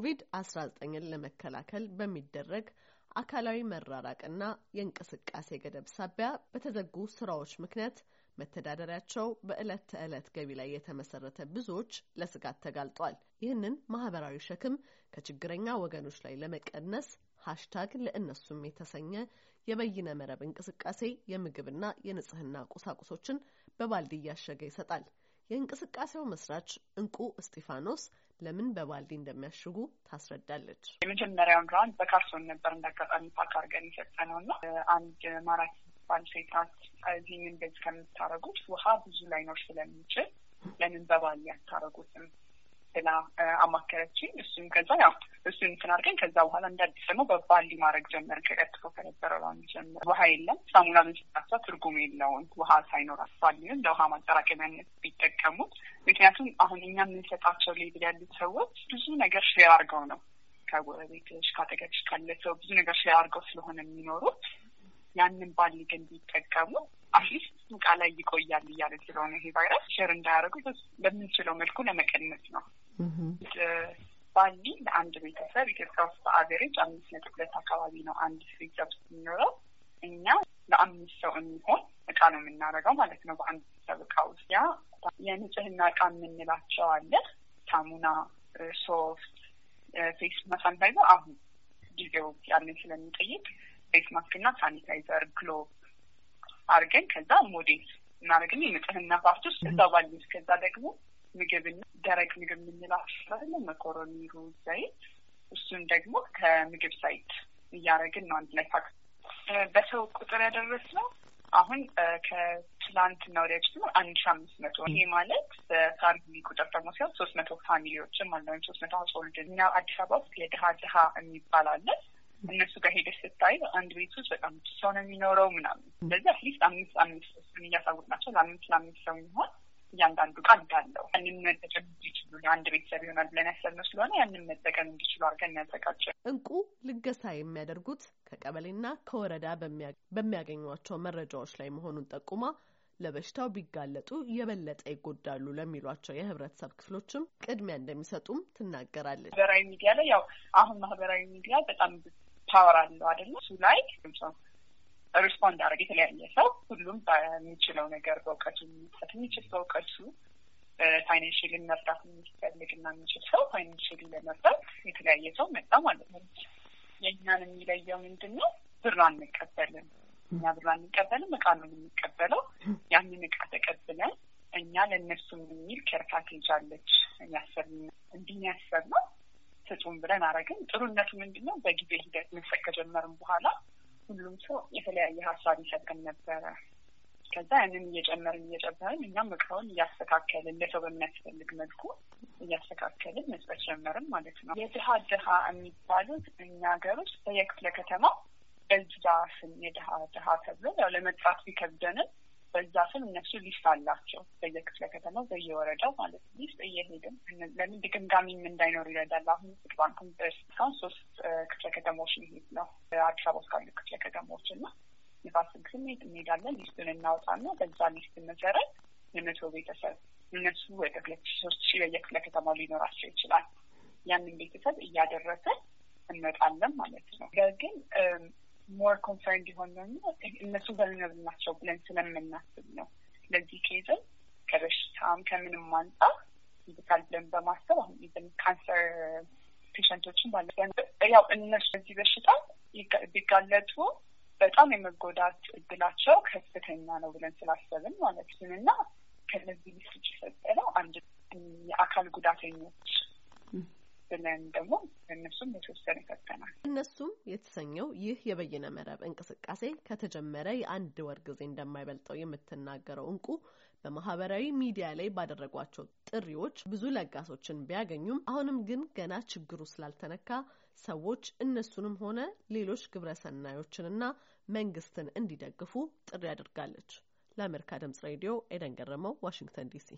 ኮቪድ-19ን ለመከላከል በሚደረግ አካላዊ መራራቅና የእንቅስቃሴ ገደብ ሳቢያ በተዘጉ ስራዎች ምክንያት መተዳደሪያቸው በዕለት ተዕለት ገቢ ላይ የተመሰረተ ብዙዎች ለስጋት ተጋልጧል። ይህንን ማህበራዊ ሸክም ከችግረኛ ወገኖች ላይ ለመቀነስ ሀሽታግ ለእነሱም የተሰኘ የበይነ መረብ እንቅስቃሴ የምግብና የንጽህና ቁሳቁሶችን በባልዲ እያሸገ ይሰጣል። የእንቅስቃሴው መስራች እንቁ እስጢፋኖስ ለምን በባልዲ እንደሚያሽጉ ታስረዳለች። የመጀመሪያውን ራውንድ በካርሶን ነበር እንዳጋጣሚ ፓክ አድርገን የሰጠነው እና አንድ ማራኪ ባል ሴት ናት። እዚህን እንደዚህ ውሃ ብዙ ላይኖር ስለሚችል ለምን በባልዲ አታረጉትም ብላ አማከረችኝ። እሱም ከዛ ያው እሱን እንትን አድርገን ከዛ በኋላ እንደ አዲስ ደግሞ በባሊ ማድረግ ጀመር። ከቀጥፎ ከነበረ ላን ጀመር ውሃ የለም ሳሙና ምንስራሳ ትርጉም የለውም ውሃ ሳይኖራት ባሊንም ለውሃ ማጠራቀሚያነት ቢጠቀሙት። ምክንያቱም አሁን እኛ የምንሰጣቸው ሌብል ያሉት ሰዎች ብዙ ነገር ሼር አድርገው ነው ከጎረቤቶች ከአጠገብሽ ካለ ሰው ብዙ ነገር ሼር አድርገው ስለሆነ የሚኖሩት ያንን ባል ግን ቢጠቀሙ አትሊስት ስንቃ ላይ ይቆያል እያለ ስለሆነ ይሄ ቫይረስ ሸር እንዳያደርጉ በምንችለው መልኩ ለመቀነስ ነው። ባሊ ለአንድ ቤተሰብ ኢትዮጵያ ውስጥ በአቨሬጅ አምስት ነጥብ ሁለት አካባቢ ነው አንድ ቤተሰብ ውስጥ የሚኖረው። እኛ ለአምስት ሰው የሚሆን እቃ ነው የምናደርገው ማለት ነው። በአንድ ቤተሰብ እቃ ውስጥ ያ የንጽህና እቃ የምንላቸው አለ። ሳሙና፣ ሶፍት፣ ፌስ መሳንታይዘር አሁን ጊዜው ያለን ስለሚጠይቅ ፌስ ማስክ እና ሳኒታይዘር ግሎ አድርገን ከዛ ሞዴል እናደርግና የንጽህና ፓርት ውስጥ እዛ ባለች ከዛ ደግሞ ምግብና ደረቅ ምግብ የምንላለ መኮረኒ፣ ሩዝ፣ ዘይት እሱን ደግሞ ከምግብ ሳይት እያደረግን ነው አንድ ላይ ፓክ በሰው ቁጥር ያደረስ ነው። አሁን ከትላንት ከትላንትና ወዲያ ጀምሮ አንድ ሺ አምስት መቶ ይሄ ማለት በፋሚሊ ቁጥር ደግሞ ሲሆን ሶስት መቶ ፋሚሊዎችም አለ ወይም ሶስት መቶ ሀውስሆልድ እና አዲስ አበባ ውስጥ የድሀ ድሀ የሚባል አለ እነሱ ጋር ሄደች ስታይ አንድ ቤት ውስጥ በጣም ብዙ ሰው ነው የሚኖረው ምናምን። ስለዚህ አትሊስት አምስት አምስት እሱን ናቸው ለአምስት ለአምስት ሰው የሚሆን እያንዳንዱ እቃ እንዳለው ያንን መጠቀም እንዲችሉ ለአንድ ቤተሰብ ይሆናል ብለን ያሰብነው ስለሆነ ያንን መጠቀም እንዲችሉ አድርገን ያዘጋጀ እንቁ ልገሳ የሚያደርጉት ከቀበሌና ከወረዳ በሚያገኟቸው መረጃዎች ላይ መሆኑን ጠቁማ ለበሽታው ቢጋለጡ የበለጠ ይጎዳሉ ለሚሏቸው የህብረተሰብ ክፍሎችም ቅድሚያ እንደሚሰጡም ትናገራለች። ማህበራዊ ሚዲያ ላይ ያው አሁን ማህበራዊ ሚዲያ በጣም ፓወር አለው አደለ እሱ ላይ ሰው ሪስፖንድ አድረግ የተለያየ ሰው ሁሉም በሚችለው ነገር በእውቀቱ የሚጠት የሚችል ሰው እውቀቱ ፋይናንሽል መርዳት የሚፈልግ እና የሚችል ሰው ፋይናንሽል ለመርዳት የተለያየ ሰው መጣ ማለት ነው። የእኛን የሚለየው ምንድን ነው? ብር አንቀበልም። እኛ ብር አንቀበልም፣ እቃ ነው የምንቀበለው። ያንን እቃ ተቀብለን እኛ ለእነሱ የሚል ኬር ፓኬጅ አለች። ያሰብ እንዲህ ያሰብ ነው ስጡም ብለን አረግን። ጥሩነቱ ምንድን ነው? በጊዜ ሂደት መስጠት ከጀመርም በኋላ ሁሉም ሰው የተለያየ ሀሳብ ይሰጠን ነበረ። ከዛ ያንን እየጨመርን እየጨመርን እኛም እቃውን እያስተካከልን ለሰው በሚያስፈልግ መልኩ እያስተካከልን መስጠት ጀመርን ማለት ነው። የድሀ ድሀ የሚባሉት እኛ ሀገር ውስጥ በየክፍለ ከተማው በዛ ስም የድሀ ድሀ ተብሎ ያው ለመጥራት ቢከብደንም በዛ ስም እነሱ ሊስት አላቸው በየክፍለ ከተማው በየወረዳው ማለት ሊስት እየሄድን ለምን ግምጋሚም እንዳይኖር ይረዳል። አሁን ንግድ ባንክም እስካሁን ሶስት ክፍለ ከተማዎች ሊሄድ ነው አዲስ አበባ ውስጥ ካሉ ክፍለ ከተማዎች እና ንፋስ ስም እንሄዳለን። ሊስቱን እናወጣና በዛ ሊስት መሰረት የመቶ ቤተሰብ እነሱ ወደ ሁለት ሺ ሶስት ሺ በየክፍለ ከተማው ሊኖራቸው ይችላል። ያንን ቤተሰብ እያደረሰ እንመጣለን ማለት ነው ግን ሞር ኮንሰርንድ የሆን ደግሞ እነሱ በልነብል ናቸው ብለን ስለምናስብ ነው። ስለዚህ ኬዝም ከበሽታም ከምንም አንጻ ይብታል ብለን በማሰብ አሁን ይዘን ካንሰር ፔሽንቶችን ባለ ያው እነሱ በዚህ በሽታ ቢጋለጡ በጣም የመጎዳት እድላቸው ከፍተኛ ነው ብለን ስላሰብን ማለት ነው እና ከነዚህ ሊስጭ የፈጠረው አንድ የአካል ጉዳተኞች ብለን ደግሞ እነሱም የተወሰነ ፈተናል። እነሱም የተሰኘው ይህ የበይነ መረብ እንቅስቃሴ ከተጀመረ የአንድ ወር ጊዜ እንደማይበልጠው የምትናገረው እንቁ በማህበራዊ ሚዲያ ላይ ባደረጓቸው ጥሪዎች ብዙ ለጋሶችን ቢያገኙም አሁንም ግን ገና ችግሩ ስላልተነካ ሰዎች እነሱንም ሆነ ሌሎች ግብረሰናዮችንና መንግስትን እንዲደግፉ ጥሪ አድርጋለች። ለአሜሪካ ድምጽ ሬዲዮ ኤደን ገረመው፣ ዋሽንግተን ዲሲ